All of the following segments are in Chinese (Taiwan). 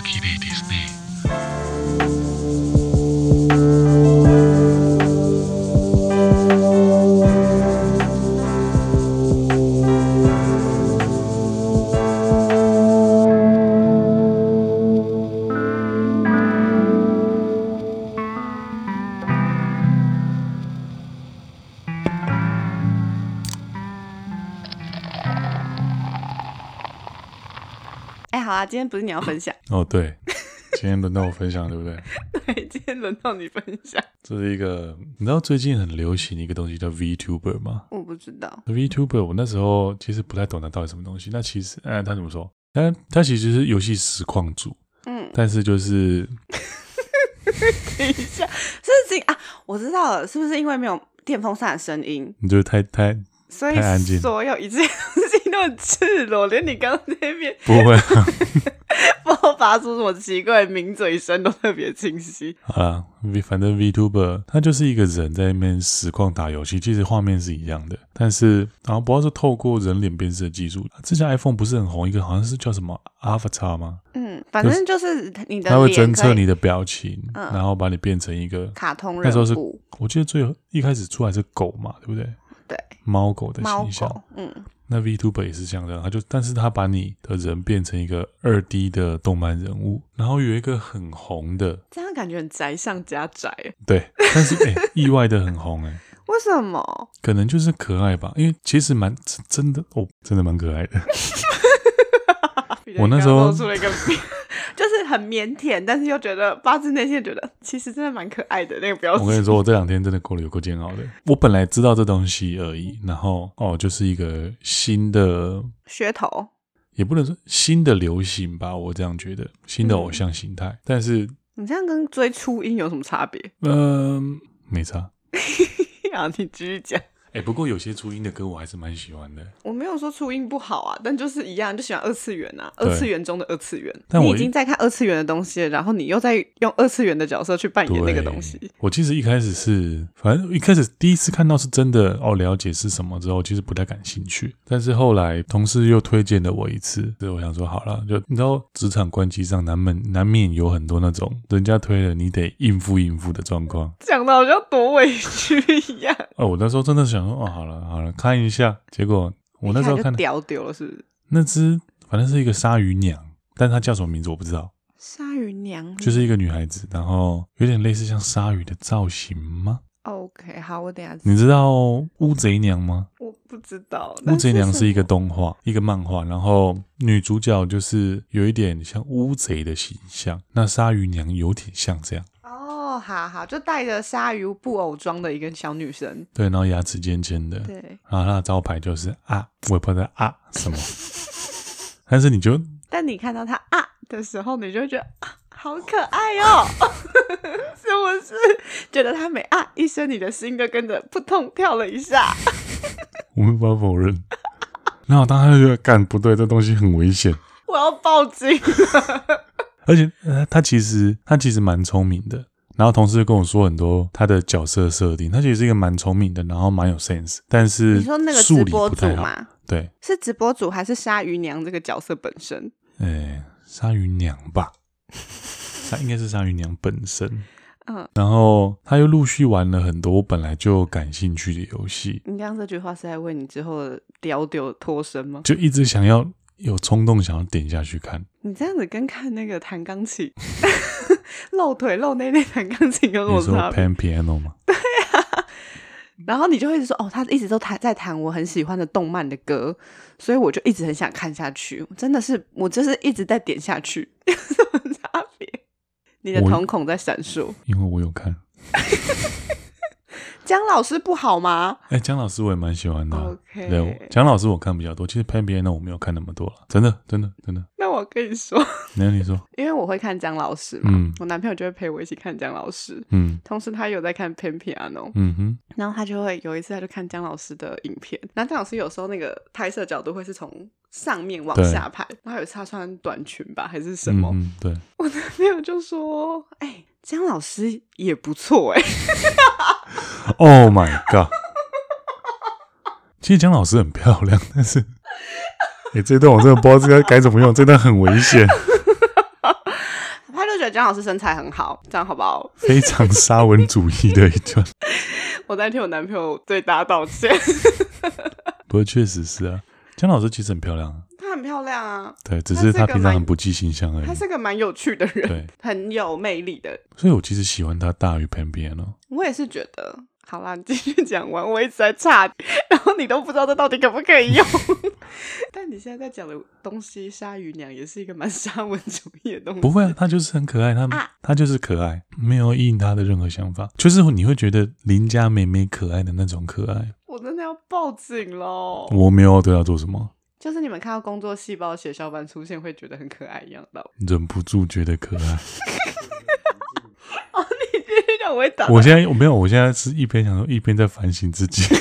哎，好啊，今天不是你要分享。 哦，對，今天輪到我分享，對不對？ 對，今天輪到你分享。這、就是一個，你知道最近很流行一個東西叫 Vtuber 嗎？我不知道 Vtuber，我那時候其實不太懂它到底什麼東西。那其實，嗯、呃，他怎麼說？他它其實是遊戲實況主，嗯，但是就是， 等一下，是不是啊，我知道了，是不是因為沒有電風扇的聲音？你就是太太。太所以所有一切事情都很赤裸，連你剛剛那邊不會， 不會發出什麼奇怪的抿嘴聲都特別清晰。好了，反正 Vtuber，嗯、他就是一個人在那邊實況打遊戲，其實畫面是一樣的，但是然後不要說透過人臉辨識的技術，啊，之前 iPhone 不是很紅一個，好像是叫什麼 Avatar 嗎？嗯，反正就是你的，他會偵測你的表情，嗯，然後把你變成一個卡通人物。那時候是，我記得最後，一開始出來是狗嘛，對不對？對，貓狗的形象，貓狗，嗯，那 Vtuber 也是像這樣，他就，但是他把你的人變成一個二 D 的動漫人物，然後有一個很紅的，這樣感覺很宅上加宅。對，但是哎，欸、 意外的很紅哎、欸，為什麼？可能就是可愛吧，因為其實蠻真的，哦，真的蠻可愛的。 我那時候 就是很靦腆，但是又覺得發自內心覺得其實真的蠻可愛的那個表情。我跟你說，我這兩天真的過了有夠煎熬的。我本來知道這東西而已，然後哦，就是一個新的噱頭，也不能說新的流行吧，我這樣覺得，新的偶像形態。嗯、但是你這樣跟追初音有什麼差別？嗯、呃，沒差。嘿嘿嘿，然後你繼續講。哎、欸，不過有些初音的歌我還是蠻喜歡的。我沒有說初音不好啊，但就是一樣，就喜歡二次元啊，二次元中的二次元。但你已經在看二次元的東西了，然後你又在用二次元的角色去扮演那個東西。我其實一開始是，反正一開始第一次看到是真的哦，了解是什麼之後，其實不太感興趣。但是後來同事又推薦了我一次，所以我想說好了，就你知道職場關係上難免難免有很多那種人家推了你得應付應付的狀況，講得好像多委屈一樣。哦，我那時候真的想。哦，好了好了，看一下結果。我那時候看屌了，是不是？那只反正是一個鯊魚娘，但它她叫什麼名字我不知道。鯊魚娘，娘就是一個女孩子，然後有點類似像鯊魚的造型嗎？OK，好，我等下。你知道烏賊娘嗎？我不知道。烏賊娘是一個動畫，一個漫畫，然後女主角就是有一點像烏賊的形象。那鯊魚娘有點像這樣。哈哈，就戴着鯊魚布偶裝的一個小女生，對，然後牙齒尖尖的，對，然後她的招牌就是啊，我也不知道啊什麼， 但是你就，但你看到她啊的時候，你就會覺得啊，好可愛哦、喔，啊、 是不是？覺得她每啊一聲，你的心就跟着撲通跳了一下， 我沒不要法否認。然後當她就覺得幹不對，這東西很危險，我要報警。 而且她、呃、其實她其實蠻聰明的。然後同事跟我說很多他的角色設定，他其實是一個蠻聰明的，然後蠻有 sense。但是你說那個直播主嗎？對，是直播主還是鯊魚娘這個角色本身？哎、欸，鯊魚娘吧， 他應該是鯊魚娘本身。嗯，然後他又陸續玩了很多我本來就感興趣的遊戲。你剛剛這句話是在為你之後的屌屌脫身嗎？就一直想要有衝動，想要點下去看。你這樣子跟看那個彈鋼琴。 露腿、露內內、彈鋼琴，跟我說。你說 Pan Piano 嗎？對呀、啊，然後你就一直說哦，他一直都在彈我很喜歡的動漫的歌，所以我就一直很想看下去。真的是，我就是一直在點下去。有什麼差別？你的瞳孔在閃爍，因為我有看。 江老師不好嗎？哎、欸，江老師我也蠻喜歡的、啊。OK、欸、江老師我看比較多。其實 Pan Piano 我沒有看那麼多，真的，真的，真的。那我跟你說，那 你，你說，因為我會看江老師嘛、嗯。我男朋友就會陪我一起看江老師。嗯。同時，他有在看 Pan Piano 嗯哼。然後他就會有一次，他就看江老師的影片。那江老師有時候那個拍攝角度會是從上面往下拍。然後他有一次他穿短裙吧，還是什麼？嗯、對。我男朋友就說：“哎、欸，江老師也不錯、欸。”哎。Oh my god！其實江老師很漂亮，但是你、欸、這一段我真的不知道這個該怎麼用，這段很危險。哈，哈，哈，哈！他都覺得江老師身材很好，這樣好不好？非常沙文主義的一段。 我在替我男朋友對大家道歉。 不過確實是啊，江老師其實很漂亮、啊。很漂亮啊，對，只是他平常很不計形象而已。他是一個，個蠻有趣的人，對，很有魅力的。所以我其實喜歡他大於偏偏哦，我也是覺得，好啦，你繼續講完，我一直在查，然後你都不知道這到底可不可以用。 但你現在在講的東西，鯊魚娘也是一個蠻沙文主義的東西。不會啊，他就是很可愛，他、啊、他就是可愛，沒有意淫他的任何想法，就是你會覺得鄰家妹妹可愛的那種可愛。我真的要報警咯。我沒有對他做什麼。就是你們看到工作細胞、血小板出現，會覺得很可愛一樣到，到忍不住覺得可愛。哦 oh, 你繼續，我會打。我現在沒有，我現在是一邊想說，一邊在反省自己。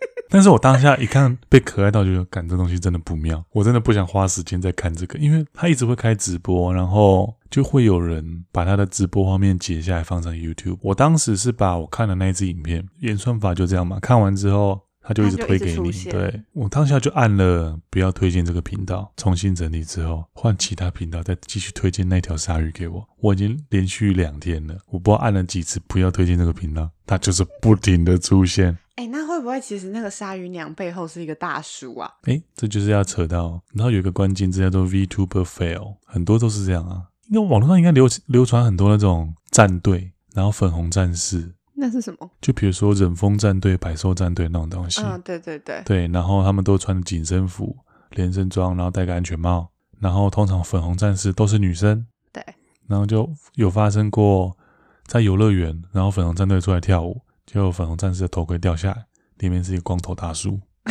但是，我當下一看被可愛到覺，就感感這東西真的不妙。我真的不想花時間再看這個，因為他一直會開直播，然後就會有人把他的直播畫面截下來放上 YouTube。我當時是把我看的那一支影片，演算法就這樣嘛，看完之後。他就一直推給你，對，我當下就按了不要推薦這個頻道。重新整理之後，換其他頻道再繼續推薦那條鯊魚給我。我已經連續兩天了，我不知道按了幾次不要推薦這個頻道， 他就是不停的出現。哎、欸，那會不會其實那個鯊魚娘背後是一個大叔啊？哎、欸，這就是要扯到，然後有一個關鍵字叫做 VTuber Fail，很多都是這樣啊。因為網絡上應該流流傳很多那種戰隊，然後粉紅戰士。那是什麼？就比如說忍風戰隊、百獸戰隊那種東西。啊、嗯，對對對，對，然後他們都穿緊身服、連身裝，然後戴個安全帽，然後通常粉紅戰士都是女生。對，然後就有發生過在遊樂園，然後粉紅戰隊出來跳舞，就粉紅戰士的頭盔掉下來，裡面是一個光頭大叔。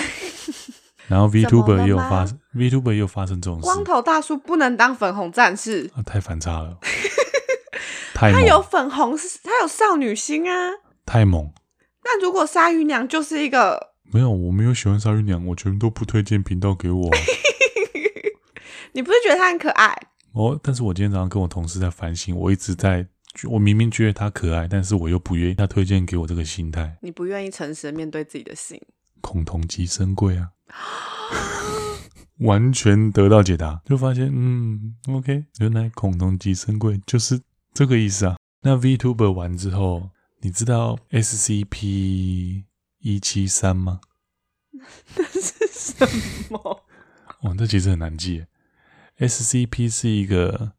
然後 Vtuber 也有發 Vtuber 也有發生這種事。光頭大叔不能當粉紅戰士，那、啊、太反差了。 他有粉紅，他有少女心啊！太猛。那如果鯊魚娘就是一個沒有，我沒有喜歡鯊魚娘，我全都不推薦頻道給我。 你不是覺得她很可愛？哦，但是我今天早上跟我同事在反省，我一直在，我明明覺得她可愛，但是我又不願意她推薦給我這個心態。你不願意誠實面對自己的心？恐同即深櫃啊！ 完全得到解答，就發現，嗯，OK，原來恐同即深櫃就是。這個意思啊？那 Vtuber 完之後，你知道 SCP 一七三嗎？那是什麼？哦， 那其實很難記。SCP 是一個，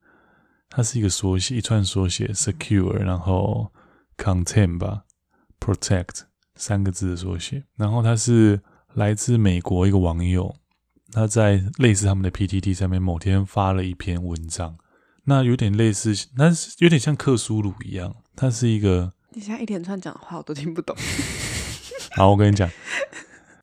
它是一個縮寫，一串縮寫：secure，然後 contain 吧，protect 三個字的縮寫。然後它是來自美國一個網友，他在類似他們的 PTT 上面某天發了一篇文章。那有點類似，那有點像克蘇魯一樣，它是一個。你現在一連串講的話我都聽不懂。 好，我跟你講。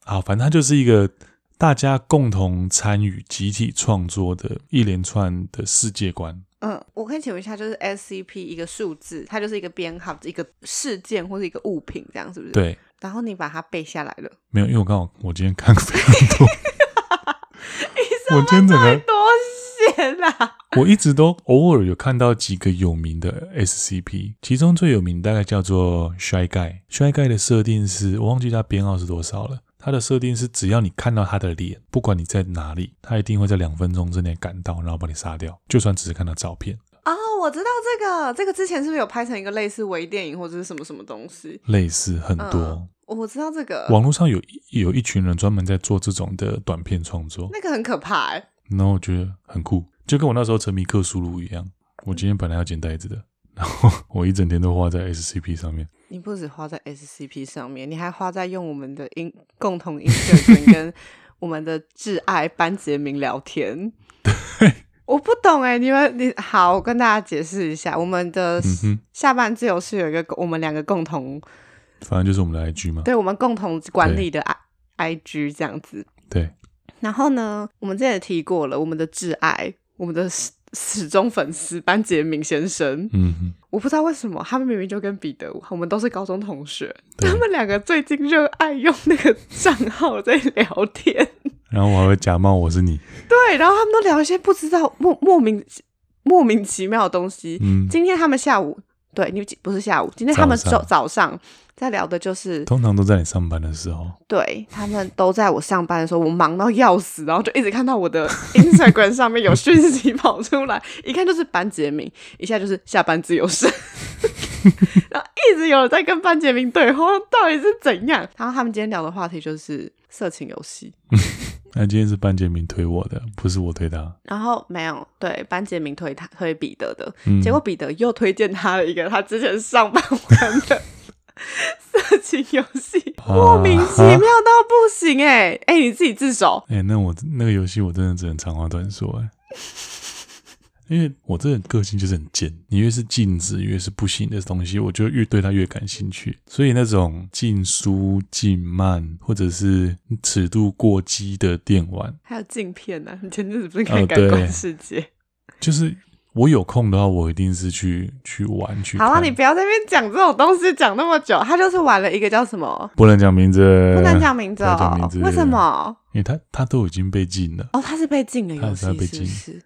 好，反正它就是一個大家共同參與、集體創作的一連串的世界觀。嗯、呃，我可以請問一下，就是 SCP 一個數字，它就是一個編號、一個事件或是一個物品，這樣是不是？對。然後你把它背下來了？沒有，因為我剛好我今天看非常多。 我今天整個 我一直都偶爾有看到幾個有名的 SCP，其中最有名大概叫做 Shy Guy，Shy Guy 的設定是，我忘記它編號是多少了。它的設定是，只要你看到他的臉，不管你在哪裡，他一定會在兩分鐘之內趕到，然後把你殺掉。就算只是看到照片啊、哦，我知道這個。這個之前是不是有拍成一個類似微電影，或者是什麼什麼東西？類似很多。嗯、我知道這個。網絡上有有一群人專門在做這種的短片創作，那個很可怕、欸、然那我覺得很酷。就跟我那時候沉迷克蘇魯一樣，我今天本來要剪帶子的，然後我一整天都花在 SCP 上面。你不只花在 SCP 上面，你還花在用我們的音，共同音樂跟 我們的摯愛班傑明聊天。對，我不懂哎、欸，你們你好，我跟大家解釋一下，我們的、嗯、下班自由室有一個我們兩個共同，反正就是我們的 IG 嘛，對，我們共同管理的 I IG 這樣子。對，然後呢，我們之前也提過了，我們的摯愛。我們的死死忠粉絲班傑明先生，嗯哼，我不知道為什麼他們明明就跟彼得，我們都是高中同學，他們兩個最近熱愛用那個賬號在聊天，然後我還會假冒我是你，對，然後他們都聊一些不知道莫莫名莫名其妙的東西，嗯，今天他們下午。對，你不是下午，今天他們早早上在聊的就是，通常都在你上班的時候，對，他們都在我上班的時候，我忙到要死，然後就一直看到我的 Instagram 上面有訊息跑出來， 一看就是班傑明，一下就是下班自由室。 然後一直有在跟班傑明對話，到底是怎樣？然後他們今天聊的話題就是色情遊戲。 那、啊、今天是班杰明推我的，不是我推他。然後沒有，對，班杰明推他，推彼得的，嗯、結果彼得又推薦他了一個他之前上班玩的 色情遊戲，啊、莫名其妙到不行哎、欸！哎、啊欸，你自己自首？哎、欸，那我那個遊戲我真的只能長話短說哎。 因為我這個個性就是很賤，你越是禁止越是不行的東西，我就越對他越感興趣。所以那種禁書、禁漫，或者是尺度過激的電玩，還有禁片呢、啊？你前陣子不是可以感官、哦、世界？就是我有空的話，我一定是去去玩去。好啦、啊，你不要在那邊講這種東西，講那麼久。他就是玩了一個叫什麼？不能講名字，不能講名字、哦講名字，為什麼？因為他他都已經被禁了。哦，他是被禁了遊戲，是是。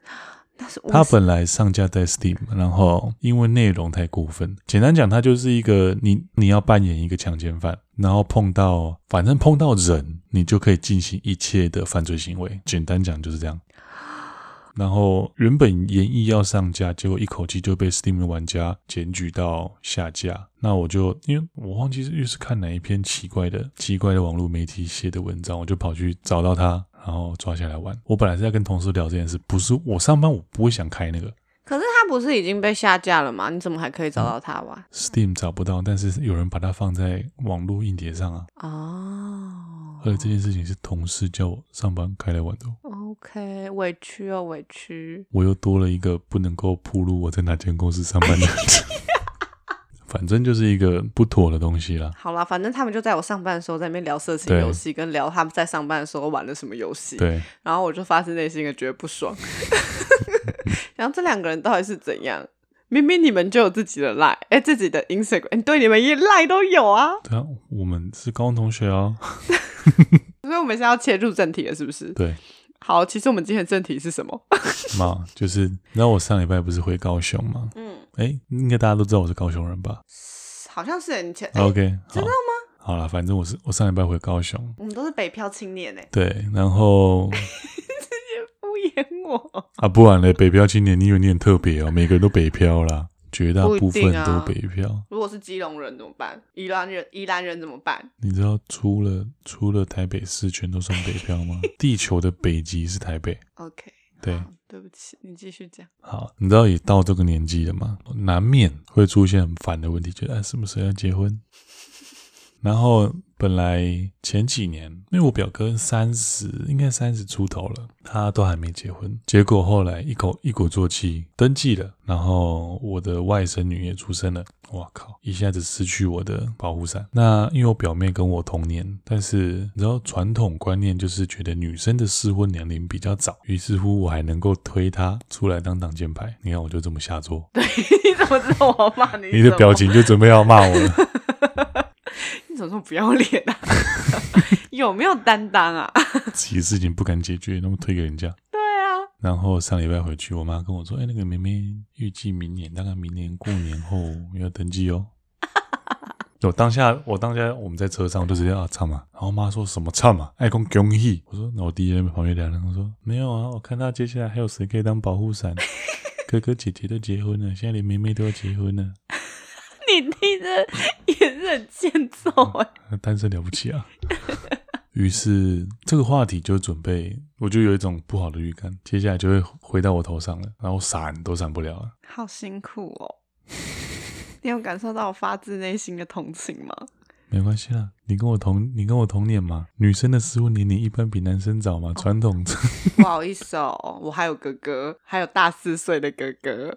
他本來上架在 Steam，然後因為內容太過分，簡單講，它就是一個你你要扮演一個強姦犯，然後碰到反正碰到人，你就可以進行一切的犯罪行為。簡單講就是這樣。然後原本研議要上架，結果一口氣就被 Steam 玩家檢舉到下架。那我就因為我忘記是是看哪一篇奇怪的奇怪的網絡媒體寫的文章，我就跑去找到他。然後抓下來玩。我本來是在跟同事聊這件事，不是我上班我不會想開那個。可是他不是已經被下架了嘛？你怎麼還可以找到他玩，oh.？Steam 找不到，但是有人把它放在網絡硬碟上啊。哦、oh.。而且這件事情是同事叫我上班開來玩的。OK，委屈哦，委屈。我又多了一個不能夠暴露我在哪間公司上班的 反正就是一個不妥的東西啦。好啦，反正他們就在我上班的時候在那邊聊色情遊戲，哦、跟聊他們在上班的時候玩了什麼遊戲。對，然後我就發自內心的覺得不爽。 然後這兩個人到底是怎樣？明明你們就有自己的賴，哎，自己的 Instagram，對，你們也賴都有啊。對啊，我們是高中同學哦。 所以我們現在要切入正題了，是不是？對。好，其實我們今天的正題是什麼？ 嘛，就是那我上禮拜不是回高雄嗎？嗯。哎、欸，應該大家都知道我是高雄人吧？好像是很前。OK，、欸欸、知道嗎？好了，反正我是我上禮拜回高雄。我們都是北漂青年哎、欸。對，然後。直 接敷衍我啊！不然嘞，北漂青年，你以為你很特別哦。每個人都北漂啦，絕大部分都北漂。啊、如果是基隆人怎麼辦？宜蘭人，宜蘭人怎麼辦？你知道，除了除了台北市，全都算北漂嗎？ 地球的北極是台北。OK。對，對不起，你繼續講。好，你知道也到這個年紀了嘛，難免會出現很煩的問題，覺得、哎、什麼時候要結婚？ 然後本來前幾年，因為我表哥三十，應該三十出頭了，他都還沒結婚，結果後來一口一鼓作氣登記了，然後我的外甥女也出生了。我靠！一下子失去我的保護傘。那因為我表妹跟我同年，但是你知道傳統觀念就是覺得女生的適婚年齡比較早，於是乎我還能夠推她出來當擋箭牌。你看我就這麼下作。對，你怎麼知道我罵你？ 你的表情就準備要罵我了。你怎麼這麼不要臉啊？ 有沒有擔當啊？自己的事情不敢解決，那麼推給人家。然後上禮拜回去，我媽跟我說：“哎、欸，那個妹妹預計明年大概明年過年後要登記哦。 ”我當下，我當下我們在車上，我就直接啊唱嘛。然後媽說什麼唱嘛？愛公公戲。我說那我弟在旁邊聊聊。我說沒有啊，我看到接下來還有誰可以當保護傘？哥哥姐姐都結婚了，現在連妹妹都要結婚了。 你弟這也是很欠揍哎！單身了不起啊！ 於是這個話題就準備，我就有一種不好的預感，接下來就會回到我頭上了，然後閃都閃不了了。好辛苦哦！ 你有感受到我發自內心的同情嗎？沒關係啦，你跟我同你跟我同年嘛，女生的適婚年齡一般比男生早嘛，哦、傳統。不好意思哦， 我還有哥哥，還有大四歲的哥哥。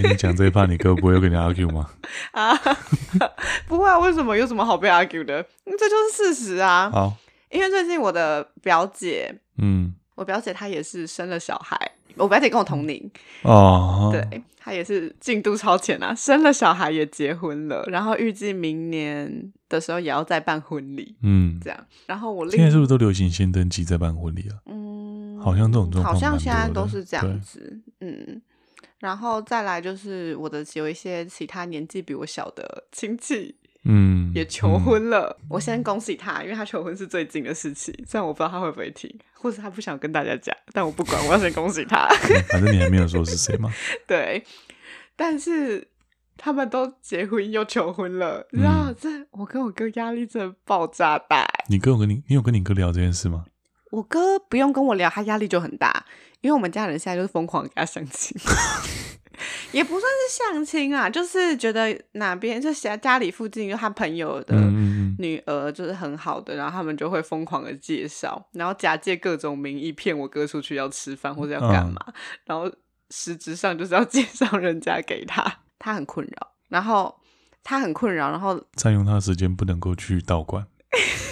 欸、你講這一 part，你哥不會有跟你 argue 嗎？ 啊，不會啊，為什麼？有什麼好被 argue 的？這就是事實啊。好。因為最近我的表姐，嗯，我表姐她也是生了小孩，我表姐跟我同齡哦，對，她也是進度超前啊，生了小孩也結婚了，然後預計明年的時候也要再辦婚禮，嗯，這樣。然後我現在是不是都流行先登記再辦婚禮啊？嗯，好像這種狀況好像現在都是這樣子，嗯。然後再來就是我的有一些其他年紀比我小的親戚。嗯，也求婚了、嗯。我先恭喜他，因為他求婚是最近的事情。雖然我不知道他會不會聽，或者他不想跟大家講，但我不管，我要先恭喜他。反 正、嗯啊、你還沒有說是誰嗎？ 對，但是他們都結婚又求婚了，你、嗯、知道這我跟我哥壓力真的爆炸大、欸。你哥有跟你，你有跟你哥聊這件事嗎？我哥不用跟我聊，他壓力就很大，因為我們家人現在就是瘋狂給他相親。 也不算是相親啊，就是覺得哪邊就家家裡附近有他朋友的女兒就是很好的、嗯，然後他們就會瘋狂的介紹，然後假借各種名義騙我哥出去要吃飯或者要幹嘛、嗯，然後實質上就是要介紹人家給他，他很困擾，然後他很困擾，然後占用他的時間不能夠去道觀。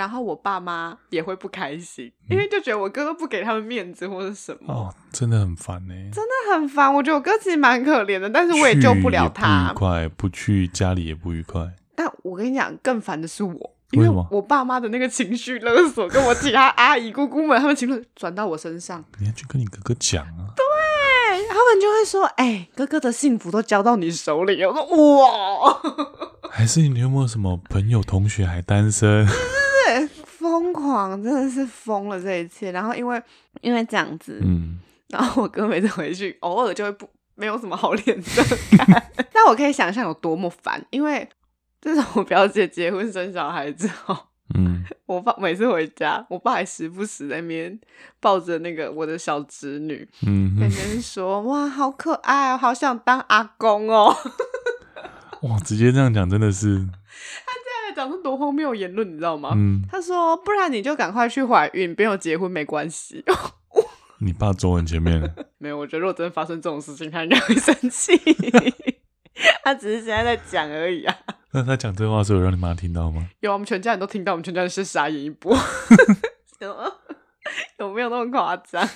然後我爸媽也會不開心、嗯，因為就覺得我哥哥不給他們面子或者什麼哦，真的很煩呢、欸，真的很煩。我覺得我哥其實蠻可憐的，但是我也救不了他。去也不愉快，不去家裡也不愉快。但我跟你講，更煩的是我，因為我爸媽的那個情緒勒索，跟我其他阿姨姑姑們， 他們情緒轉到我身上。你要去跟你哥哥講啊，對，他們就會說，哎、欸，哥哥的幸福都交到你手裡。我說哇， 還是你有沒有什麼朋友同學還單身？ 真的是瘋了這一切，然後因為因為這樣子、嗯，然後我哥每次回去，偶爾就會不沒有什麼好臉色。 但我可以想象有多麼煩，因為自從我表姐結婚生小孩子後、哦嗯，我爸每次回家，我爸還時不時在那邊抱著那個我的小侄女，嗯、感覺是說：“哇，好可愛、哦，好想當阿公哦。 ”哇，直接這樣講真的是。 講是多荒謬言論，你知道嗎、嗯？他說：“不然你就趕快去懷孕，不要結婚沒關係。 ”你爸坐我前面， 沒有。我覺得若真的發生這種事情，他應該會生氣。 他只是現在在講而已啊。那他講這話的時候，讓你媽聽到嗎？有，我們全家人都聽到，我們全家人是傻眼一波。 有沒有那麼誇張？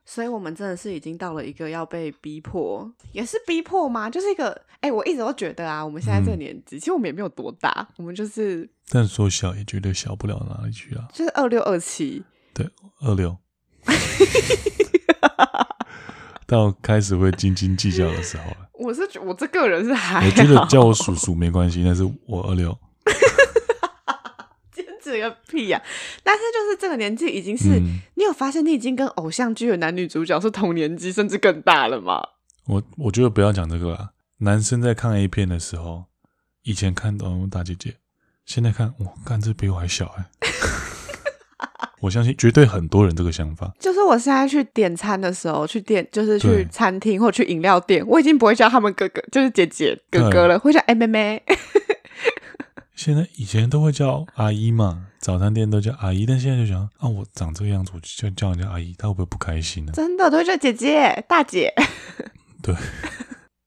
所以，我們真的是已經到了一個要被逼迫，也是逼迫嗎？就是一個。哎、欸，我一直都覺得啊，我們現在這個年紀、嗯，其實我們也沒有多大，我們就是，但是說小也絕對小不了哪裡去啊，就是二六二七，對，二六， 到開始會斤斤計較的時候了。我是覺，我這個人是還，我覺得叫我叔叔沒關係，但是我二六，堅 持個屁呀、啊！但是就是這個年紀已經是、嗯，你有發現你已經跟偶像劇的男女主角是同年紀甚至更大了嗎？我我覺得不要講這個啦、啊。男生在看 A 片的時候，以前看到、哦、大姐姐，現在看我幹這比我還小哎！ 我相信絕對很多人這個想法。就是我現在去點餐的時候，去點就是去餐廳或去飲料店，我已經不會叫他們哥哥，就是姐姐哥哥了，會叫哎妹妹。 現在以前都會叫阿姨嘛，早餐店都叫阿姨，但現在就想啊，我長這個樣子，我就叫叫人家阿姨，他會不會不開心呢？真的都會叫姐姐大姐。 對。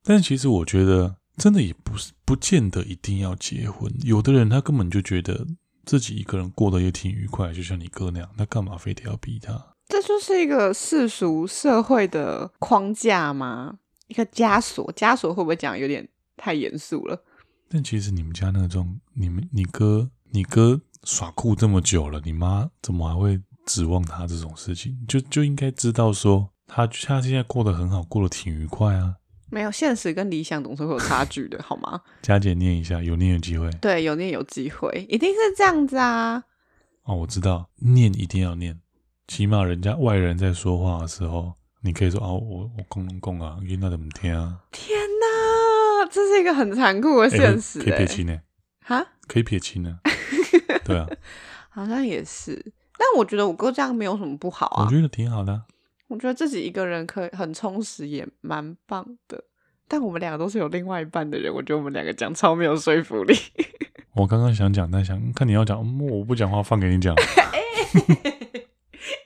但其實我覺得，真的也不是不見得一定要結婚。有的人他根本就覺得自己一個人過得也挺愉快，就像你哥那樣，他幹嘛非得要逼他？這就是一個世俗社會的框架嗎？一個枷鎖？枷鎖會不會講有點太嚴肅了？但其實你們家那種，你們你哥你哥耍酷這麼久了，你媽怎麼還會指望他這種事情？就就應該知道說他，他他現在過得很好，過得挺愉快啊。沒有，現實跟理想總是會有差距的，好嗎？ 加減念一下，有念有機會。對，有念有機會，一定是這樣子啊。哦，我知道，念一定要念，起碼人家外人在說話的時候，你可以說哦、啊，我我公公啊，應該怎麼聽啊？天哪、啊，這是一個很殘酷的現實、欸。可以撇清呢？哈、那個欸，可以撇清的。啊 對啊，好像也是。但我覺得我哥這樣沒有什麼不好啊，我覺得挺好的、啊。我覺得自己一個人可以很充實，也蠻棒的。但我們兩個都是有另外一半的人，我覺得我們兩個講超沒有說服力。我剛剛想講，但想看你要講，嗯、我不講話放給你講、 欸欸。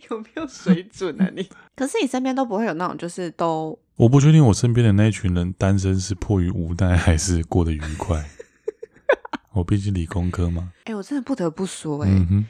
有沒有水準啊你？ 可是你身邊都不會有那種就是都……我不確定我身邊的那一群人單身是迫於無奈還是過得愉快。 我畢竟理工科嘛。哎、欸，我真的不得不說、欸嗯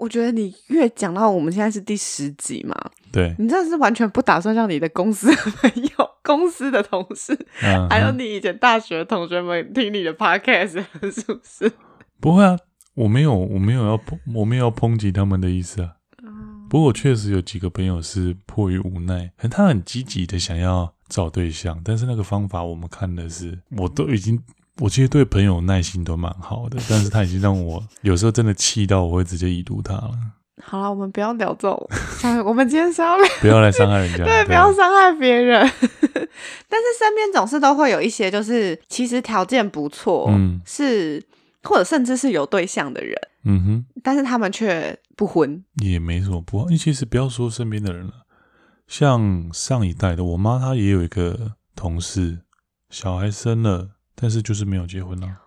我覺得你越講到我們現在是第十集嘛，對。你這是完全不打算讓你的公司朋友、公司的同事，uh -huh. 還有你以前大學同學們聽你的 podcast 是不是？不會啊，我沒有，我沒有要，我沒有要抨，我沒有要抨擊他們的意思啊。嗯，uh -huh.，不過我確實有幾個朋友是迫於無奈，他很積極的想要找對象，但是那個方法我們看的是，uh -huh. 我都已經。我其實對朋友耐心都蠻好的，但是他已經讓我有時候真的氣到我會直接已讀他了。 好了，我們不要聊這種，我們今天少聊。不要來傷害人家，對，對不要傷害別人。 但是身邊總是都會有一些，就是其實條件不錯，嗯，是或者甚至是有對象的人，嗯哼，但是他們卻不婚。也沒什麼不好，你其實不要說身邊的人了，像上一代的我媽，她也有一個同事，小孩生了。但是就是沒有結婚啊！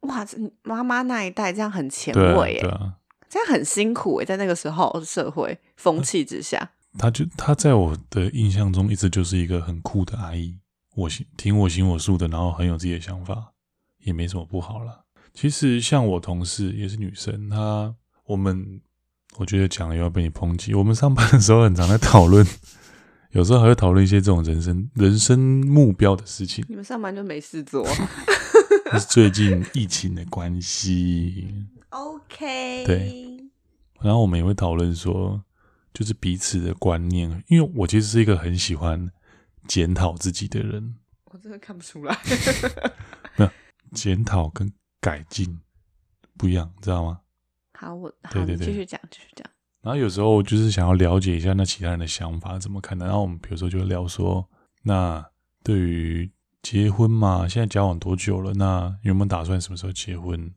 哇，媽媽那一代這樣很前衛耶！對啊對啊，這樣很辛苦，欸、在那個時候社會風氣之下。她、呃、就她在我的印象中一直就是一個很酷的阿姨，我行挺我行我素的，然後很有自己的想法，也沒什麼不好啦。其實像我同事也是女生，她我們我覺得講了又要被你抨擊。我們上班的時候很常在討論。有時候還會討論一些這種人生、人生目標的事情。你們上班就沒事做啊。 這是最近疫情的關係。OK。對。然後我們也會討論說，就是彼此的觀念。因為我其實是一個很喜歡檢討自己的人。我真的看不出來。 沒有，檢討跟改進不一樣，知道嗎？好，我好，你繼續講，繼續講。然後有時候我就是想要了解一下那其他人的想法怎麼看的。然後我們比如說就聊說，那對於結婚嘛，現在交往多久了？那有沒有打算什麼時候結婚？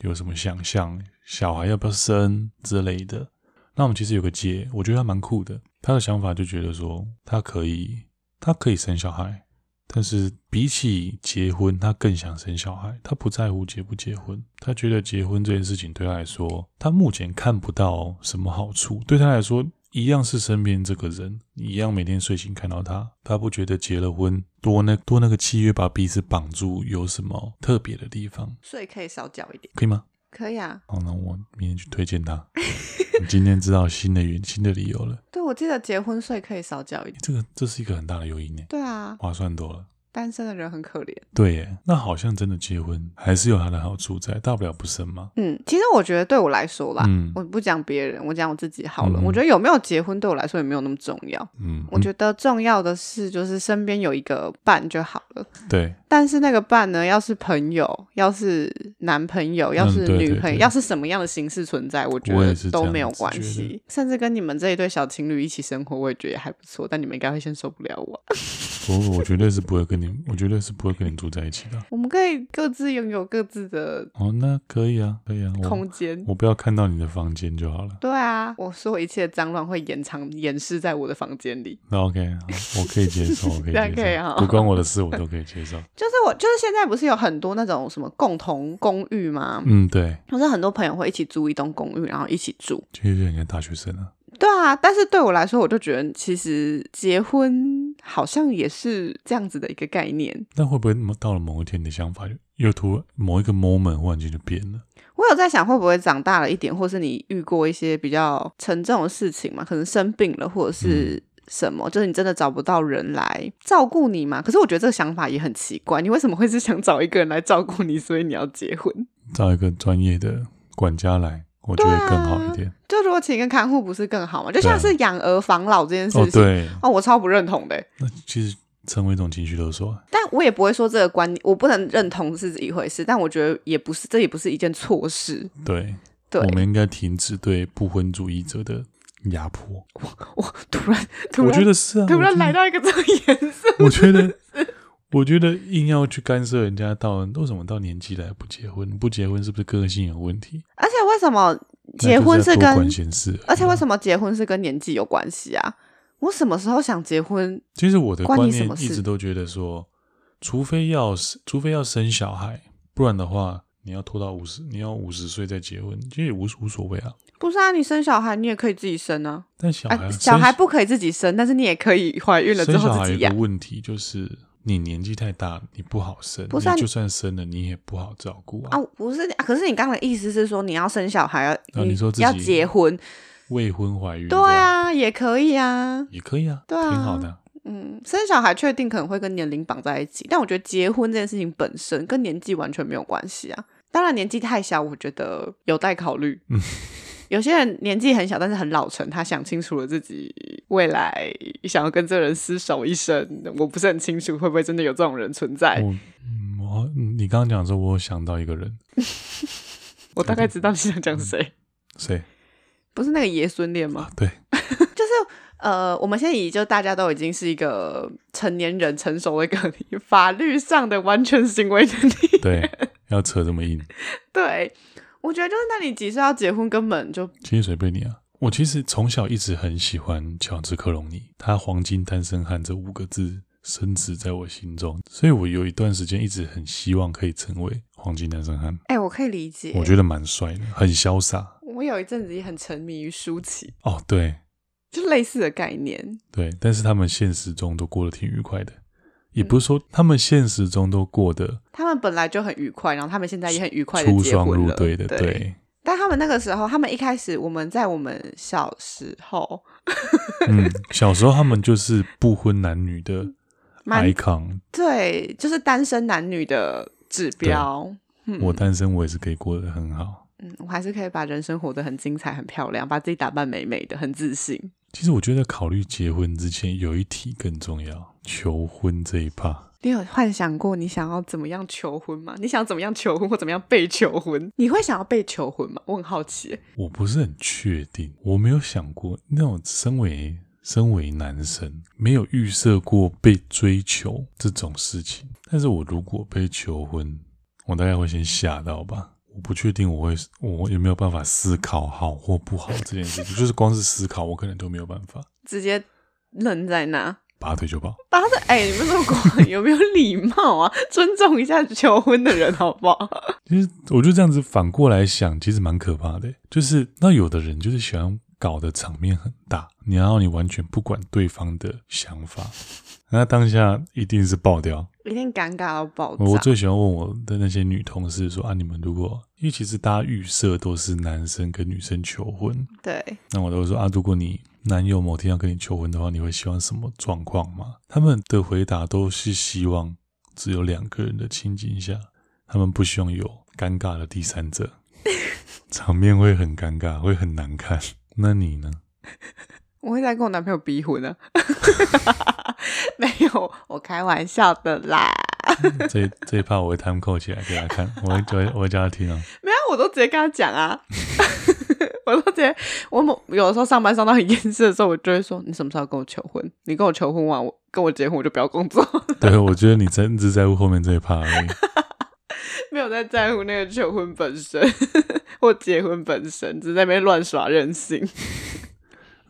有什麼想象？小孩要不要生之類的？那我們其實有個姐，我覺得她蠻酷的。她的想法就覺得說，她可以，她可以生小孩，但是比起結婚，他更想生小孩。他不在乎結不結婚，他覺得結婚這件事情對他來說，他目前看不到什麼好處。對他來說，一樣是身邊這個人，一樣每天睡醒看到他，他不覺得結了婚多那多那個契約把彼此綁住有什麼特別的地方，所以可以少繳一點，可以嗎？可以啊，好，那我明天去推薦他。你 今天知道新的原新的理由了？ 對，我記得結婚稅可以少交一點，欸、這個這是一個很大的誘因呢。對啊，划算多了。單身的人很可憐，對耶，那好像真的結婚還是有他的好處在，大不了不生嘛。嗯，其實我覺得對我來說啦，嗯、我不講別人，我講我自己好了，好了。我覺得有沒有結婚對我來說也沒有那麼重要。嗯，我覺得重要的是就是身邊有一個伴就好了。對、嗯，但是那個伴呢，要是朋友，要是男朋友，要是女朋友，嗯、對對對，要是什麼樣的形式存在，我覺得我都沒有關係。甚至跟你們這一對小情侶一起生活，我也覺得還不錯。但你們應該會先受不了我。 我我絕對是不會跟。 我絕對是不會跟你住在一起的。 我們可以各自擁有各自的哦，oh, 那可以啊，可以啊，空間，我不要看到你的房間就好了。對啊，我所有一切髒亂會延長掩飾，在我的房間裡。那 OK，好，我可以接受，我可以接受 okay，不關我的事，我都可以接受。 就是我，就是現在不是有很多那種什麼共同公寓嗎？嗯，對。就是很多朋友會一起租一棟公寓，然後一起住，其實就是人家大學生啊。對啊，但是對我來說，我就覺得其實結婚好像也是這樣子的一個概念。那會不會到了某一天，你的想法又突然某一個 moment 突然間就變了？我有在想，會不會長大了一點，或是你遇過一些比較沉重的事情嘛？可能生病了，或者是什麼，嗯、就是你真的找不到人來照顧你嘛？可是我覺得這個想法也很奇怪，你為什麼會是想找一個人來照顧你，所以你要結婚？找一個專業的管家來。我覺得更好一點，啊、就如果請個看護不是更好嗎？就像是養兒防老這件事情。哦，對，哦，我超不認同的。那其實成為一種情緒勒索，但我也不會說這個觀念，我不能認同是這一回事，但我覺得也不是，這也不是一件錯事。對，對，我們應該停止對不婚主義者的壓迫。哇，我突然突然我覺得是啊，突然來到一個這種顏色，我覺得。我覺得硬要去干涉人家到，為什麼到年紀了不結婚？不結婚是不是個性有問題？而且為什麼結婚是跟，多管閒事，是跟而且為什麼結婚是跟年紀有關係啊？我什麼時候想結婚？其實、就是、我的觀念一直都覺得說，除非要生，除非要生小孩，不然的話你要拖到五十，你要五十歲再結婚，其實也無無所謂啊。不是啊，你生小孩你也可以自己生啊。但小孩、啊、小孩不可以自己生，生但是你也可以懷孕了之後自己養。小孩有一個問題就是。你年紀太大，你不好生，不啊、你就算生了，你也不好照顧啊。啊，不是，啊、可是你剛剛的意思是說你要生小孩，你要結婚，啊、未婚懷孕對、啊，對啊，也可以啊，也可以啊，對啊，挺好的。嗯，生小孩確定可能會跟年齡綁在一起，但我覺得結婚這件事情本身跟年紀完全沒有關係啊。當然年紀太小，我覺得有待考慮。 有些人年紀很小，但是很老成。他想清楚了自己未來，想要跟這人廝守一生。我不是很清楚，會不會真的有這種人存在？我，我你剛剛講說我想到一個人。 我大概知道你想講誰。嗯、誰？不是那個爺孫戀嗎、啊？對。 就是呃，我們現在已就大家都已經是一個成年人、成熟的一個法律上的完全行為能力。對，要扯這麼硬？ 對。我覺得就是那你幾歲要結婚，根本就其實隨便你啊。我其實從小一直很喜歡喬治·克隆尼，他“黃金單身漢”這五個字深植在我心中，所以我有一段時間一直很希望可以成為黃金單身漢。哎、欸，我可以理解，我覺得蠻帥的，很瀟灑。我有一陣子也很沉迷於舒淇哦，對，就類似的概念。對，但是他們現實中都過得挺愉快的。也不是說他們現實中都過得、嗯，他們本來就很愉快，然後他們現在也很愉快出雙入對的，對，但他們那個時候，他們一開始，我們在我們小時候，嗯， 小時候他們就是不婚男女的，icon，對，就是單身男女的指標。嗯、我單身，我也是可以過得很好。嗯，我還是可以把人生活得很精彩，很漂亮，把自己打扮美美的，很自信。其實我覺得考慮結婚之前有一題更重要，求婚這一趴。你有幻想過你想要怎麼樣求婚嗎？你想怎麼樣求婚或怎麼樣被求婚？你會想要被求婚嗎？我很好奇。我不是很確定，我沒有想過那種身為身為男生，沒有預設過被追求這種事情。但是我如果被求婚，我大概會先嚇到吧。我不確定我會，我有沒有辦法思考好或不好這件事情？ 就是光是思考，我可能都沒有辦法，直接愣在那，拔腿就跑。拔腿，哎、欸，你們這麼 有沒有禮貌啊，尊重一下求婚的人，好不好？其實，我就這樣子反過來想，其實蠻可怕的。就是那有的人就是喜歡搞的場面很大，然後你完全不管對方的想法。那當下一定是爆掉，一定尷尬到爆。我最喜歡問我的那些女同事說：“啊，你們如果……因為其實大家預設都是男生跟女生求婚，對。那我都會說：啊，如果你男友某天要跟你求婚的話，你會希望什麼狀況嗎？”他們的回答都是希望只有兩個人的情景下，他們不希望有尷尬的第三者， 場面會很尷尬，會很難看。那你呢？我會再跟我男朋友逼婚啊。 沒有，我開玩笑的啦。 嗯、這這一趴我會他們扣起來給他看， 我會,會我會叫他聽哦、啊、沒有，我都直接跟他講啊。 我都直接，我某有的時候上班上到很厭世的時候，我就會說：“你什麼時候跟我求婚？你跟我求婚完，我跟我結婚，我就不要工作。 ”對，我覺得你真只在乎後面這一趴而已， 沒有在在乎那個求婚本身或 結婚本身，只在那邊亂耍任性。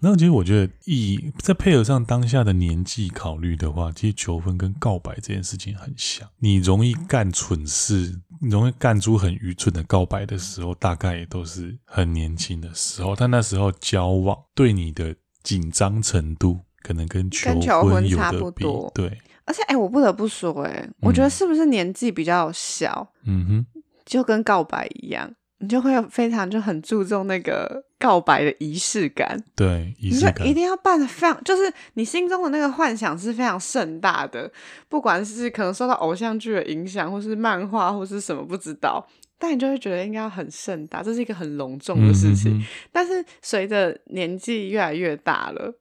那其實我覺得以，以在配合上當下的年紀考慮的話，其實求婚跟告白這件事情很像，你容易幹蠢事，你容易幹出很愚蠢的告白的時候，大概也都是很年輕的時候。但那時候交往對你的緊張程度，可能跟求，跟求婚差不多。對，而且哎、欸，我不得不說哎、欸嗯，我覺得是不是年紀比較小？嗯哼，就跟告白一樣。你就會非常就很注重那個告白的儀式感，對，儀式感你是是一定要辦的非常，就是你心中的那個幻想是非常盛大的，不管是可能受到偶像劇的影響，或是漫畫，或是什麼不知道，但你就會覺得應該要很盛大，這是一個很隆重的事情。嗯嗯嗯、但是隨着年紀越來越大了，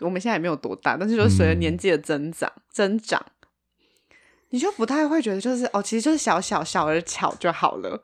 我們現在也沒有多大，但是說隨着年紀的增長、嗯、增長，你就不太會覺得就是哦，其實就是小小小而巧就好了。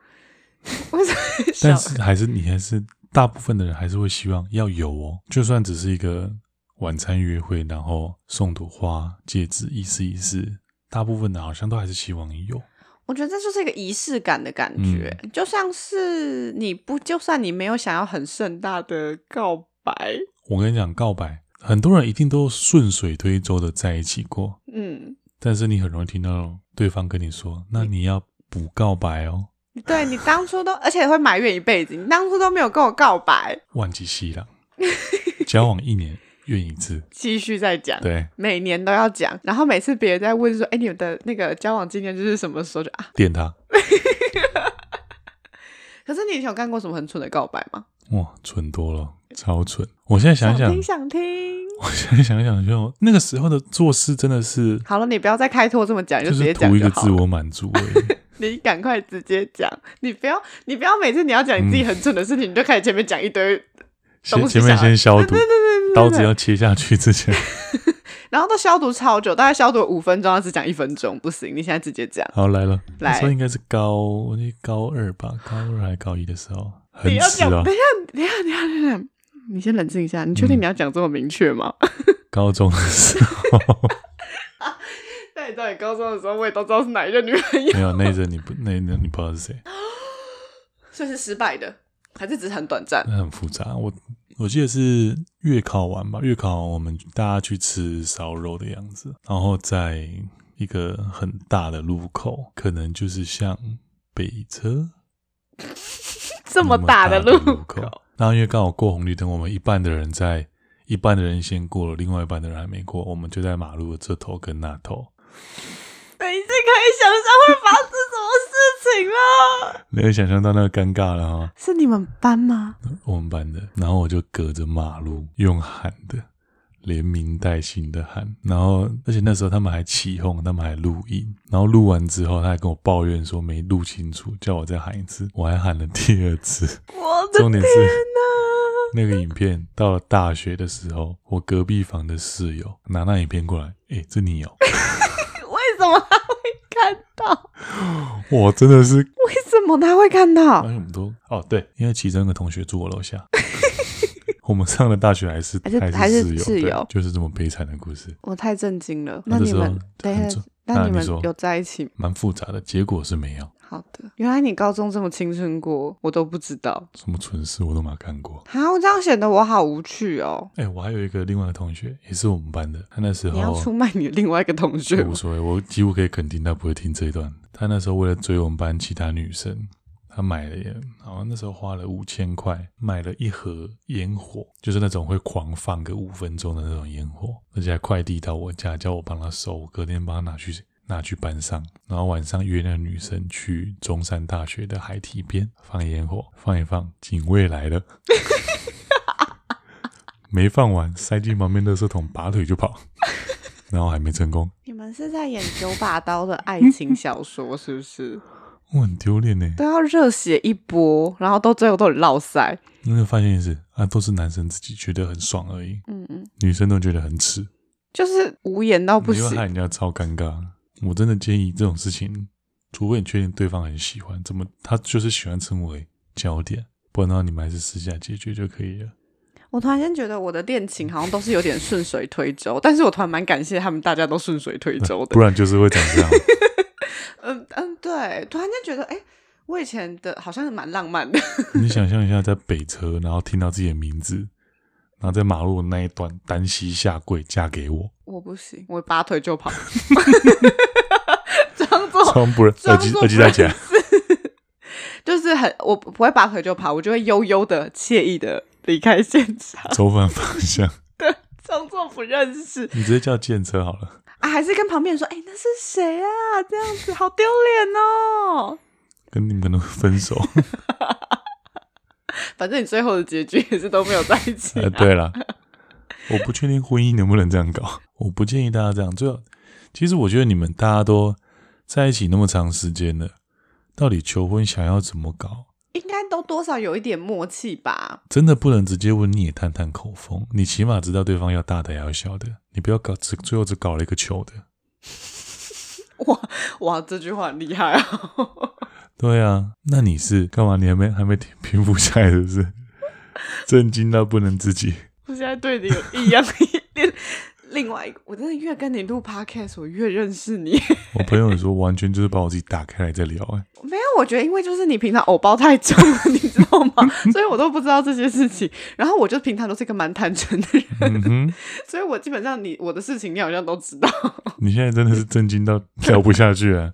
但是還是你還是大部分的人還是會希望要有哦，就算只是一個晚餐約會，然後送朵花、戒指、意思、意思，大部分的好像都還是希望有。我覺得這就是一個儀式感的感覺，嗯、就像是你不就算你沒有想要很盛大的告白，我跟你講告白，很多人一定都順水推舟的在一起過。嗯，但是你很容易聽到對方跟你說：“那你要補告白哦。”對，你當初都， 而且會埋怨一輩子。你當初都沒有跟我告白，忘記西郎交往一年怨一次，繼 續再講。對，每年都要講。然後每次別人在問說：“哎、欸，你們的那個交往紀念就是什麼時候？”啊，點他。 可是你以前有幹過什麼很蠢的告白嗎？哇，蠢多了，超蠢！我現在想一想，想聽，想聽。我現在想想，一想就，就那個時候的做事真的是……好了，你不要再開拓這麼講，就是圖一個自我滿足、欸。 你趕快直接講，你不要，你不要每次你要講你自己很蠢的事情，嗯、你就開始前面講一堆東西、啊、前面先消毒，對 刀子要切下去之前， 然後都消毒超久，大概消毒五分鐘，他只講一分鐘，不行，你現在直接講。好來了，來，說應該是高高二吧，高二還是高一的時候，很遲啊。等一下，等一下，等一下，你先冷靜一下，你確定你要講這麼明確嗎、嗯？高中的時候。 在你高中的時候，我也都知道是哪一個女朋友。沒有那一陣，你不那那個，你不知道是誰，算 是失敗的，還是只是很短暫？那很複雜。我我記得是月考完吧，月考完我們大家去吃燒肉的樣子，然後在一個很大的路口，可能就是像北車 這麼大的路口。然後因為剛好過紅綠燈，我們一半的人在，一半的人先過了，另外一半的人還沒過，我們就在馬路的這頭跟那頭。 等一下可以想象，會發生什麼事情啊。沒有想象到那個尷尬了哈。是你們班嗎、嗯？我們班的。然後我就隔着馬路用喊的，連名帶姓的喊，然後而且那時候他們還起哄，他們還錄音，然後錄完之後他還跟我抱怨說沒錄清楚，叫我再喊一次，我還喊了第二次。我的天哪、啊！重點是，那個影片到了大學的時候，我隔壁房的室友拿那影片過來，哎、欸，這你有、喔？ 怎麼他會看到？我真的是！為什麼他會看到？因為哦，對，因為其中一個同學住我樓下， 我們上了大學還是還是還是室友，就是這麼悲慘的故事。我太震驚了。那那你們對，那你們有在一起？蠻複雜的結果是沒有。好的，原來你高中這麼青春過，我都不知道什麼蠢事，我都沒幹過。好，這樣顯得我好無趣哦。哎、欸，我還有一個另外的同學，也是我們班的，他那時候，你要出賣你的另外一個同學，無所謂，我幾乎可以肯定他不會聽這一段。 他那時候為了追我們班其他女生，他買了煙，然後那時候花了五千塊買了一盒煙火，就是那種會狂放個五分鐘的那種煙火，而且還快遞到我家，叫我幫他收，隔天幫他拿去。拿去班上，然後晚上約那女生去中山大學的海堤邊放煙火，放一放，警衛來了， 沒放完，塞進旁邊的垃圾桶，拔腿就跑，然後還沒成功。你們是在演九把刀的愛情小說 是不是？我很丟臉呢，都要熱血一波，然後到最後都很落塞。有沒有發現一次啊？都是男生自己覺得很爽而已，嗯嗯，女生都覺得很恥，就是無言到不行，又害人家超尷尬。我真的建議這種事情，除非你確定對方很喜歡，怎麼他就是喜歡成為焦點，不然的話你們還是私下解決就可以了。我突然間覺得我的戀情好像都是有點順水推舟， 但是我突然蠻感謝他們，大家都順水推舟的，不然就是會長這樣。嗯、 呃、嗯，對，突然間覺得，哎、欸，我以前的好像是蠻浪漫的。你想象一下，在北車，然後聽到自己的名字，然後在馬路那一段單膝下跪，嫁給我，我不行，我拔腿就跑。 從不認識，認識耳機耳機，戴起來 就是很，我不會拔腿就跑，我就會悠悠的、愜意的離開現場，走反方向。 對，裝作不認識，你直接叫計程車好了。啊，還是跟旁邊人說，哎、欸，那是誰啊？這樣子好丟臉哦。跟你們可能分手， 反正你最後的結局也是都沒有在一起。哎、啊，對了， 我不確定婚姻能不能這樣搞，我不建議大家這樣做。其實我覺得你們大家都。在一起那麼長時間了，到底求婚想要怎麼搞？應該都多少有一點默契吧。真的不能直接問，你也探探口風。你起碼知道對方要大的，要小的。你不要搞，只最後只搞了一個球的。哇哇，這句話很厲害哦、啊。 對啊，那你是幹嘛？你還沒還沒平復下來的，是不是？震驚到不能自己！我現在對你有異樣一 另外一個，我真的越跟你錄 podcast，我越認識你。我朋友也說，完全就是把我自己打開來在聊。欸。哎 沒有，我覺得因為就是你平常偶包太重了， 你知道嗎？所以我都不知道這些事情。然後我就平常都是一個蠻坦誠的人、嗯，所以我基本上你我的事情，你好像都知道。你現在真的是震驚到聊不下去啊。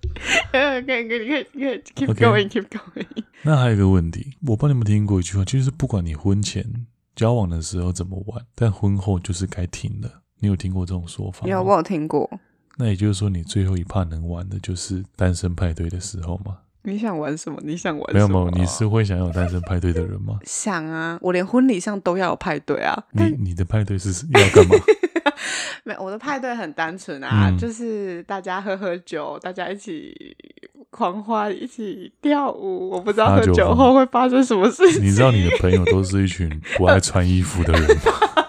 可以可以可以 keep going keep going、okay.。那還有一個問題，我幫你們聽過一句話，就是不管你婚前交往的時候怎麼玩，但婚後就是該停了。你有聽過這種說法嗎？你有沒有聽過？那也就是說，你最後一趴能玩的就是單身派對的時候嗎？你想玩什麼？你想玩什麼、啊？沒有,沒有，你是會想要有單身派對的人嗎？ 想啊，我連婚禮上都要有派對啊。你你的派對是你要幹嘛？ 沒有，我的派對很單純啊、嗯，就是大家喝喝酒，大家一起狂歡，一起跳舞。我不知道喝酒後會發生什麼事情。你知道你的朋友都是一群不愛穿衣服的人嗎？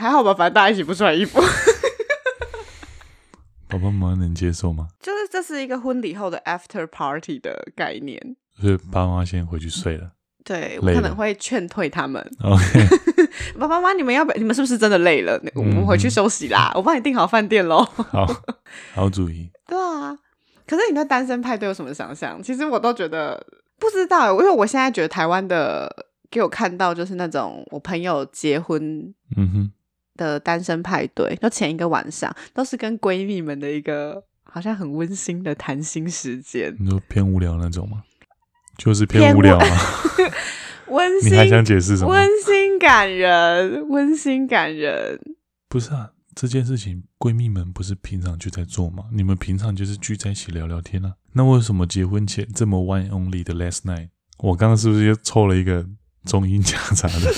還好吧，反正大家一起不穿衣服 。爸爸媽能接受嗎？就是這是一個婚禮後的 after party 的概念。所以爸媽先回去睡了。嗯、對，我可能會勸退他們。哦、 爸爸媽你們要不要？你們是不是真的累了？ 我們回去休息啦。嗯嗯，我幫你訂好飯店嘍。 好，好主意。對啊，可是你對單身派對有什麼想象？其實我都覺得不知道，因為我現在覺得台灣的，給我看到就是那種我朋友結婚，嗯哼。的單身派對，就前一個晚上都是跟閨蜜們的一個好像很溫馨的談心時間。你說偏無聊那種嗎？就是偏無聊啊。溫 馨，你還想解釋什麼？溫馨感人，溫馨感人。不是啊，這件事情閨蜜們不是平常就在做嗎？你們平常就是聚在一起聊聊天啊。那為什麼結婚前這麼 one only 的 last night？我剛剛是不是又抽了一個中英夾雜的？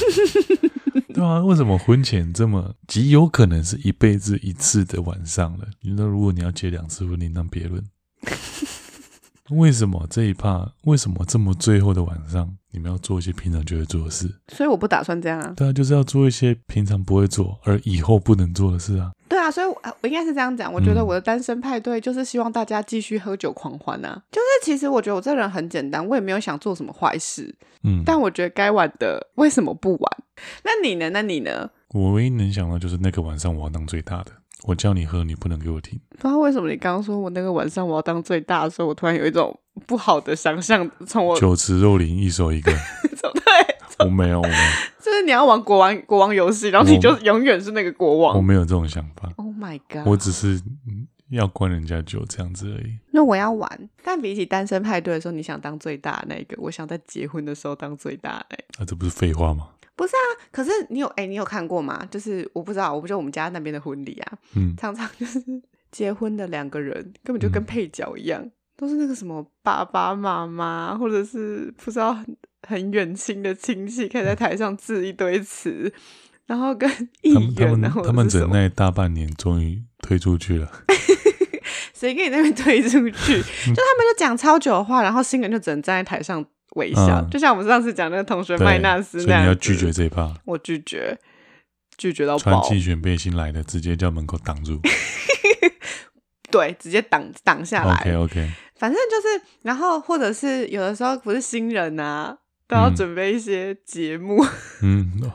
對啊，為什麼婚前這麼極有可能是一輩子一次的晚上了？你說如果你要結兩次婚別，另當別論。為什麼這一趴？為什麼這麼最後的晚上，你們要做一些平常就會做的事？所以我不打算這樣啊。對啊，就是要做一些平常不會做而以後不能做的事啊。對啊，所以我應該是這樣講，我覺得我的單身派對就是希望大家繼續喝酒狂歡啊、嗯。就是其實我覺得我這人很簡單，我也沒有想做什麼壞事。嗯，但我覺得該玩的為什麼不玩？那你呢？那你呢？我唯一能想到就是那個晚上我要當最大的，我叫你喝，你不能給我停。不知道為什麼你剛剛說我那個晚上我要當最大的時候，所以我突然有一種不好的想象從我酒池肉林一手一個。 我沒有， 就是你要玩國王國王遊戲，然後你就永遠是那個國王。我，我沒有這種想法。Oh my god！我只是要灌人家酒這樣子而已。那我要玩，但比起單身派對的時候，你想當最大那個，我想在結婚的時候當最大那個、啊、這不是廢話嗎？不是啊，可是你有哎、欸，你有看過嗎？就是我不知道，我不知道我們家那邊的婚禮啊，嗯，常常就是結婚的兩個人根本就跟配角一樣，嗯、都是那個什麼爸爸媽媽，或者是不知道。很遠親的親戚，可以在台上致一堆詞、嗯，然後跟議員，然後他們忍耐大半年，終於推出去了。誰給你那邊推出去、嗯？就他們就講超久的話，然後新人就只能站在台上微笑。嗯、就像我們上次講那個同學麥納斯那樣，你要拒絕這一趴，我拒絕，拒絕到穿競選背心來的，直接叫門口擋住。 對，直接擋擋下來。OK OK。反正就是，然後或者是有的時候不是新人啊。都要準備一些節目嗯， 嗯，哦，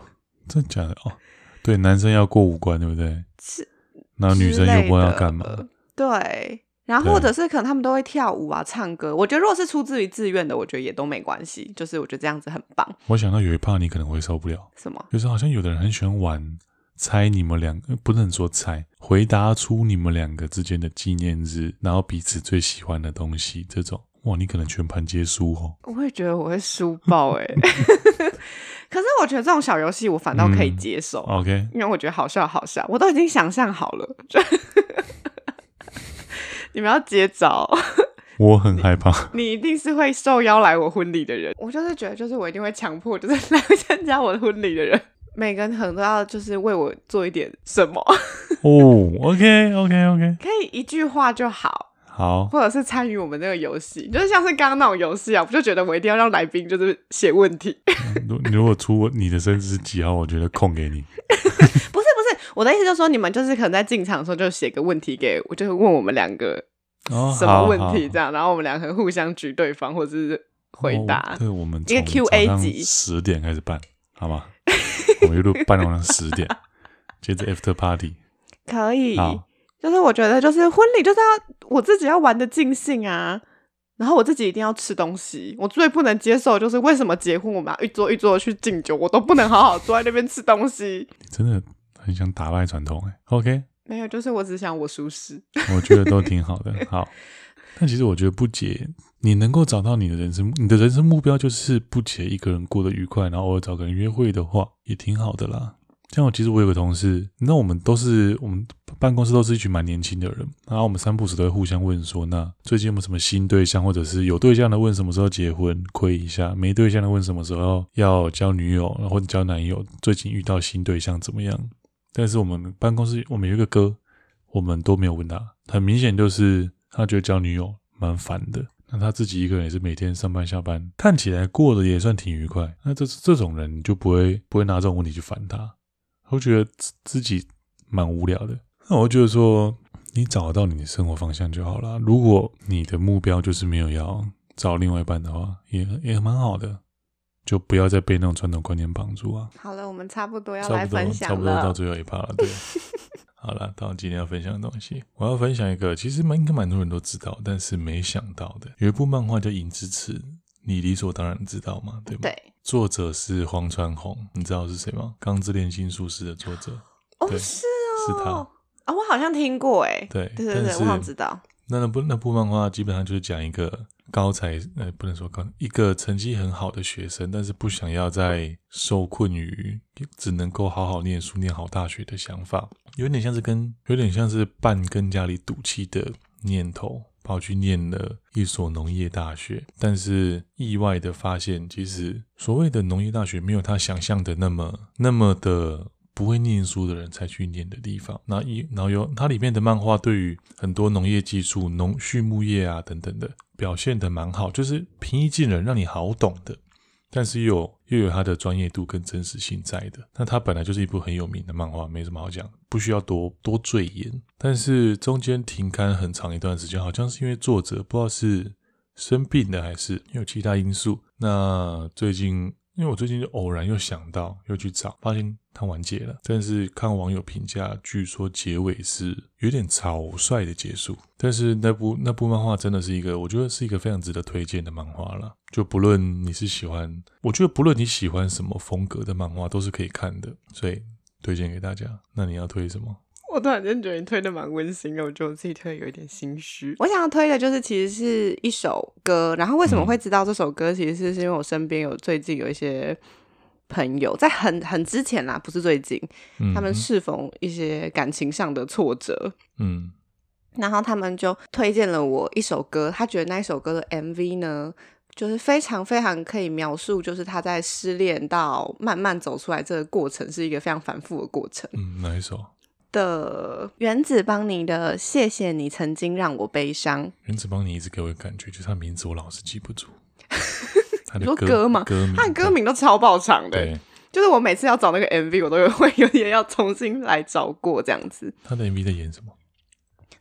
真假的哦？對，男生要過五關，對不對？是。那女生又不知道要幹嘛。對，然後或者是可能他們都會跳舞啊、唱歌。我覺得如果是出自於自願的，我覺得也都沒關係。就是我覺得這樣子很棒。我想到有一 part 你可能會受不了，什麼？就是好像有的人很喜歡玩猜你們兩個，不能說猜，回答出你們兩個之間的紀念日，然後彼此最喜歡的東西這種。哇，你可能全盤皆輸哦！我也覺得我會輸爆哎，欸， 可是我覺得這種小遊戲我反倒可以接受，OK，、嗯、因為我覺得好笑好笑，我都已經想象好了，就 你們要接招， 我很害怕你，你一定是會受邀來我婚禮的人，我就是覺得就是我一定會強迫就是來參加我的婚禮的人，每個人都要就是為我做一點什麼哦 oh,，OK OK OK，可以一句話就好。好，或者是參與我們那個遊戲，就是像是剛剛那種遊戲啊，我就覺得我一定要讓來賓就是寫問題。如 如果出你的生日是幾號，我覺得空給你。 不是不是，我的意思就是說，你們就是可能在進場的時候就寫個問題給我，就是問我們兩個什麼問題這樣，哦、然後我們兩個可能互相舉對方或者是回答。哦、對，我們一個 Q&A 級十點開始辦，好嗎？ 我一路辦到十點， 接着 After Party 可以。好就是我覺得，就是婚禮就是要我自己要玩的盡興啊，然後我自己一定要吃東西。我最不能接受就是為什麼結婚我們要一桌一桌的去敬酒，我都不能好好坐在那邊吃東西。 你真的很想打敗傳統哎、欸、？OK，沒有，就是我只想我舒適。 我覺得都挺好的。好，但其實我覺得不結，你能夠找到你的人生，你的人生目標就是不結，一個人過得愉快，然後偶爾找個人約會的話，也挺好的啦。像我其實我有個同事，那我們都是我們辦公室都是一群蠻年輕的人，然後我們三不時都會互相問說，那最近有沒有什麼新對象，或者是有對象的問什麼時候結婚，虧一下沒對象的問什麼時候要要交女友，或者交男友，最近遇到新對象怎麼樣？但是我們辦公室我們有一個哥，我們都沒有問他，很明顯就是他覺得交女友蠻煩的，那他自己一個人也是每天上班下班，看起來過得也算挺愉快，那這這種人就不會不會拿這種問題去煩他。我覺得自自己蠻無聊的。那我覺得說，你找到你的生活方向就好了。如果你的目標就是沒有要找另外一半的話，也也蠻好的，就不要再被那種傳統觀念綁住啊。好了，我們差不多要來分享差不，差不多到最後一趴了，對。 好了，到今天要分享的東西，我要分享一個，其實蠻應該蠻多人都知道，但是沒想到的，有一部漫畫叫《銀之匙》，你理所當然知道嘛，對不對？作者是荒川弘，你知道是誰嗎？《鋼之煉金術師》的作者。哦，是哦，是他啊，哦，我好像聽過哎，對，對對，對但是，我好知道。那那部那部漫畫基本上就是講一個高材，呃，不能說高，一個成績很好的學生，但是不想要再受困於只能夠好好念書、念好大學的想法，有點像是跟有點像是半跟家裡賭氣的念頭。跑去念了一所農業大學，但是意外的發現，其實所謂的農業大學沒有他想象的那麼那麼的不會念書的人才去念的地方。那一然後有它裡面的漫畫，對於很多農業技術、農畜牧業啊等等的，表現得蠻好，就是平易近人，讓你好懂的，但是又。又有他的專業度跟真實性在的，那它本來就是一部很有名的漫畫，沒什麼好講，不需要多多贅言。但是中間停刊很長一段時間，好像是因為作者不知道是生病了還是有其他因素。那最近。因為我最近就偶然又想到，又去找，發現它完結了。但是看網友評價，據說結尾是有點草率的結束。但是那部那部漫畫真的是一個，我覺得是一個非常值得推薦的漫畫啦。就不論你是喜歡，我覺得不論你喜歡什麼風格的漫畫，都是可以看的，所以推薦給大家。那你要推什麼？我突然間覺得你推的蠻溫馨的，我覺得我自己推有一點心虛。我想要推的就是其實是一首歌，然後為什麼會知道這首歌？其實是因為我身邊有最近有一些朋友，在很很之前啦，不是最近，嗯、他們適逢一些感情上的挫折，嗯，然後他們就推薦了我一首歌，他覺得那首歌的 MV 呢，就是非常非常可以描述，就是他在失戀到慢慢走出來這個過程是一個非常反復的過程。嗯，哪一首？的原子幫你的，謝謝你曾經讓我悲傷。原子幫你一直給我感覺，就是他名字我老是記不住。 他的歌 你說歌嘛，歌名的，他歌名都超爆長的對。就是我每次要找那個 MV，我都會有點要重新來找過這樣子。他的 MV 在演什麼？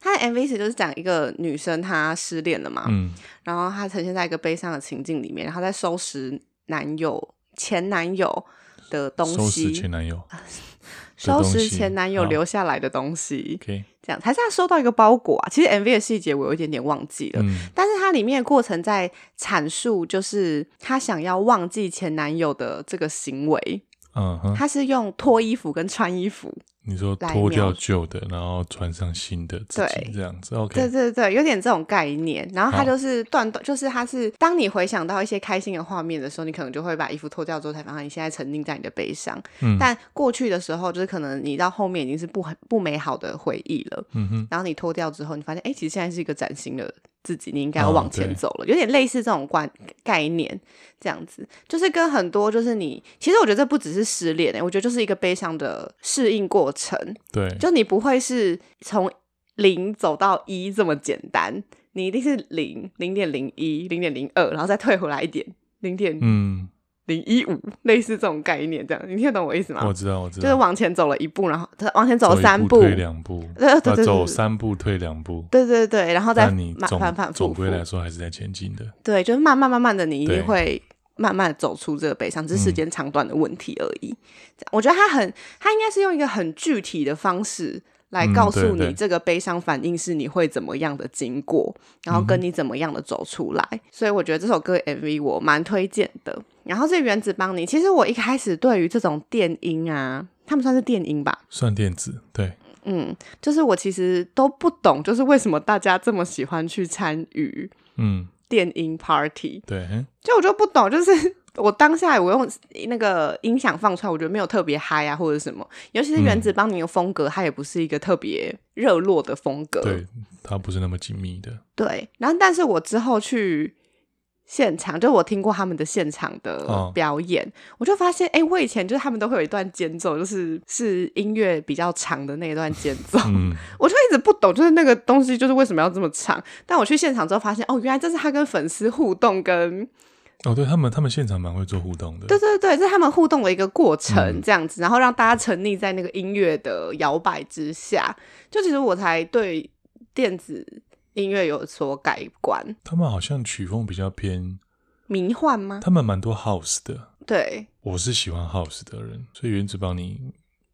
他的 MV 其實就是講一個女生她失戀了嘛，嗯，然後她呈現在一個悲傷的情境裡面，然後在收拾男友前男友的東西，收拾前男友。 收拾前男友留下來的東西，oh, okay. 這樣還是他收到一個包裹啊。其實 MV 的細節我有一點點忘記了、嗯，但是它裡面的過程在闡述，就是他想要忘記前男友的這個行為。嗯、uh-huh.，他是用脫衣服跟穿衣服。你說脫掉舊的，然後穿上新的自己這樣子，對，這樣子，OK，對對對，有點這種概念。然後它就是斷斷，就是它是當你回想到一些開心的畫面的時候，你可能就會把衣服脫掉之後，才發現你現在沉浸在你的悲傷。嗯，但過去的時候，就是可能你到後面已經是不很不美好的回憶了。嗯哼。然後你脫掉之後，你發現哎、欸，其實現在是一個嶄新的自己，你應該要往前走了。有點類似這種觀概念，這樣子，就是跟很多就是你，其實我覺得這不只是失戀、欸、我覺得就是一個悲傷的適應過程。成對，就你不會是從零走到一這麼簡單，你一定是零零點零一、零點零二，然後再退回來一點，零點嗯零一五，類似這種概念，這樣你聽懂我意思嗎？我知道，我知道，就是往前走了一步，然後他往前走了三步，退兩步，對對對，對，對，啊，走三步退兩步，對，對對對，然後再慢反反复覆總歸來說還是在前進的，對，就是慢慢慢慢的你一定會。慢慢走出這個悲傷，只是時間長短的問題而已，嗯。我覺得他很，他應該是用一個很具體的方式來告訴你這個悲傷反應是你會怎麼樣的經過，嗯，然後跟你怎麼樣的走出來。嗯，所以我覺得這首歌 MV 我蠻推薦的。然後這原子邦妮，其實我一開始對於這種電音啊，他們算是電音吧？算電子，對，嗯，就是我其實都不懂，就是為什麼大家這麼喜歡去參與，嗯。電音 party，對，就我就不懂，就是我當下我用那個音響放出來，我覺得沒有特別嗨啊或者什麼，尤其是原子邦尼的風格，嗯、它也不是一個特別熱絡的風格，對，它不是那麼緊密的，對，然後但是我之後去。現場就是我聽過他們的現場的表演，哦、我就發現，哎、欸，我以前就是他們都會有一段間奏，就是是音樂比較長的那一段間奏、嗯，我就一直不懂，就是那個東西就是為什麼要這麼長。但我去現場之後發現，哦，原來這是他跟粉絲互動跟，跟哦，對他們，他們現場蠻會做互動的，對對對，這是他們互動的一個過程，這樣子、嗯，然後讓大家沉溺在那個音樂的搖擺之下，就其實我才對電子。音樂有所改觀，他們好像曲風比較偏迷幻嗎？他們蠻多 house 的。對，我是喜歡 house 的人，所以原子邦妮，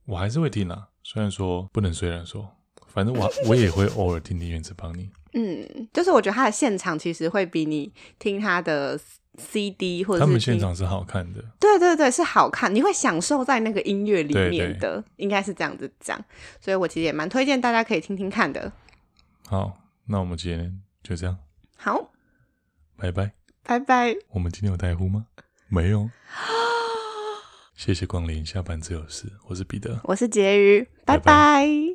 我還是會聽啦、啊。雖然說不能，雖然說，反正我我也會偶爾聽聽原子邦妮。 嗯，就是我覺得他的現場其實會比你聽他的 CD 或者他們現場是好看的。對對對，是好看，你會享受在那個音樂裡面的，對對對應該是這樣子講。所以我其實也蠻推薦大家可以聽聽看的。好。那我們今天就這樣，好，拜拜，拜拜。我們今天有帶呼嗎？沒有。 謝謝光臨，下班自由室。我是彼得，我是婕妤。拜拜。拜拜。